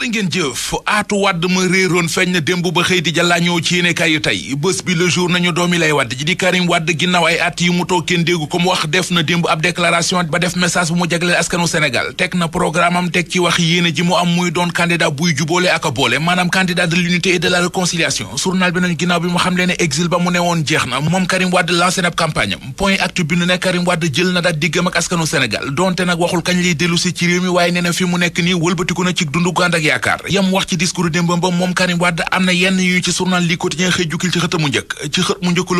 jërë ngeen jëf aatu wadd ma réeroon feeñ na démb ba xëy di jàllaañoo ci yéenekaay yu tey bés bi le jour nañu doomi lay wadd ji di Karim Wade ginnaaw ay at yi mu toog kenn déggu ko mu wax def na démb ab déclaration ba def message bu mu jagleel askanu Sénégal teg na programme teg ci wax yéene ji mu am muy doon candidat buy juboole ak a boole maanaam candidat de l'unité et de la réconciliation journal bi nañu ginnaaw bi mu xam leen exil ba mu newoon jeex na moom Karim nu ne Karim Wade jël na daat diggam ak askanu Sénégal donte nag yaakaar yam wax ci discours démbam ba moom Karim am na yenn yu ci journal li quotidien xëy jukkil ci xët mu njëkk ci xët mu njëkk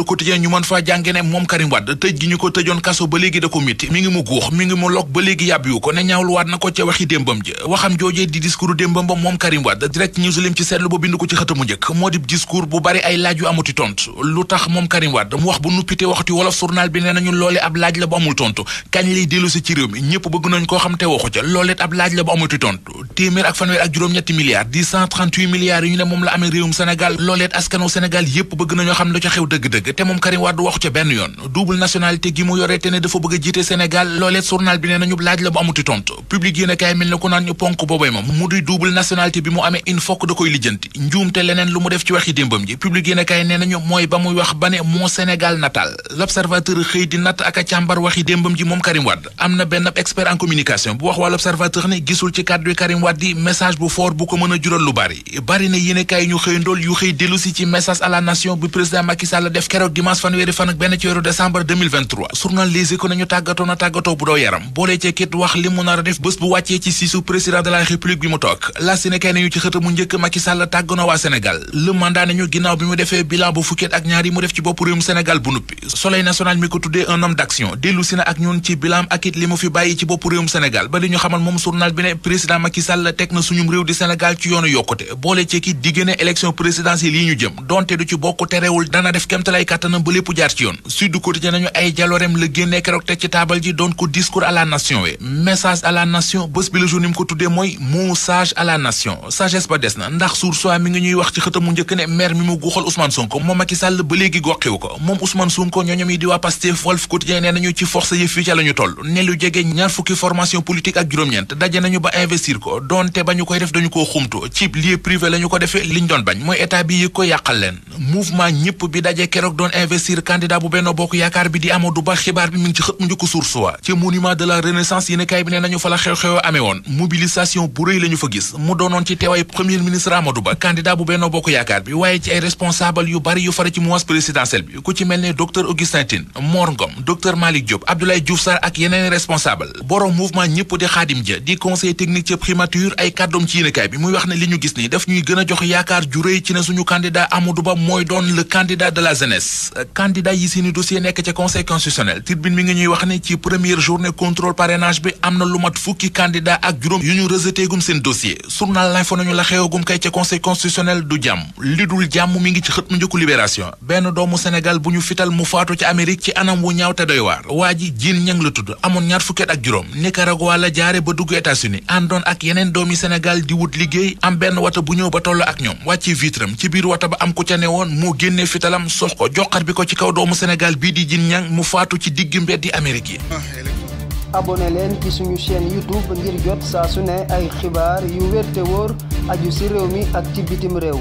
la ngi mu guux mi ngi mu lok ba léegi yàbbiwu ko ne ñaawlu waat na ko ca waxi démbam ji waxam joojee di discours démbam ba moom Karim Wade direct news ci seetlu ba bind ko ci xët mu njëkk moo di discours bu bari ay laaj yu amuti tontu lu tax moom Karim mu wax bu nuppite waxtu wolof journal bi nee nañu téeméer ak fanweer ak juróom-ñetti milliards yi ñu ne moom la amee réewum Sénégal looleet askanu Sénégal yépp bëgg nañoo xam ne da communication bu wax waa l'observateur ne gisul ci kàddu Karim waddi message bu fort bu ko mën a lu bari bari na yéenekaay ñu xëy ndool yu xëy dellu ci message à la nation bu président Macky Sall def keroog dimanche fanweeri fan benn ci weeru décembre 2023 journal Les nañu tàggatoo na tàggatoo bu doo yaram boolee cee kit wax li mu nar a def ci siisu mu njëkk Macky Sall tàgg na waa Sénégal le mandat nañu ginnaaw bi mu defee bilan bu fukket ak ñaar yi mu def ci bopp réewum Sénégal bu nuppi Soleil Sall teg na suñum réew di Sénégal ci yoonu yokkute boole ci ki digg na élection yi ñu jëm donte du ci bokk terewul dana def kémtalay kàttanam ba lépp ci yoon Sud Quotidien nañu ay jaloorem la génnee keroog ci taabal ji doon ko discours à la nation we message à la nation bés bi la jour ko tuddee mooy message à la nation sagesse ba des na ndax suur mi ngi ñuy wax ci xëtamu njëkk ne maire mi mu guuxal Ousmane Sonko ko moom ak donte ba ñu koy def dañu koo xumtu cib lieu privé la ko defee liñ doon bañ mooy état bi yi ko yàqal leen mouvement ñëpp bi daje keroog doon investir candidat bu Benno Bokk Yaakaar bi di Amadou Ba xibaar bi mi ngi ci xët mu njëkk source wa ci monument de la renaissance yéen kaay bi ne nañu fa la xew-xew amee woon mobilisation bu rëy la fa gis mu doonoon ci teewaay premier ministre Amadou Ba candidat bu Benno Bokk Yaakaar bi waaye ci ay responsable candidature ay kàddoom ci yéenekaay bi muy wax ne li ñu gis nii daf ñuy gën a jox yaakaar ju rëy ci ne suñu candidat Amadou Ba mooy doon le candidat de la jeunesse euh, candidat yi seeni dossier nekk ca conseil constitutionnel tribune mi ngi ñuy wax ne ci première journée contrôle parrainage bi am na lu mat fukki candidat ak juróom yu ñu rejeté gum seen dossier journal lañ fa nañu la xewagum kay ca conseil constitutionnel du jàmm li dul jàmm mi ngi ci xët mu njëkku libération benn doomu Sénégal bu ñu fital mu faatu ci Amérique ci anam wu ñaaw te doy waar waa ji jiin ñang la tudd amoon ñaar fukki at ak juróom la jaare ba dugg États-Unis àndoon ak yeneen doomi Sénégal di wut liggéey am benn wata bu ñëw ba toll ak ñoom wàcce vitram ci biir wata ba am ku ca ne woon moo génnee fitalam sox ko joxar bi ko ci kaw doomu Sénégal bii di jin ñang mu faatu ci digg mbeddi Amérique yi abonné leen ci suñu chaîne YouTube ngir jot saa su ne ay xibaar yu wér te wóor aju ci réew mi ak ci bitim réew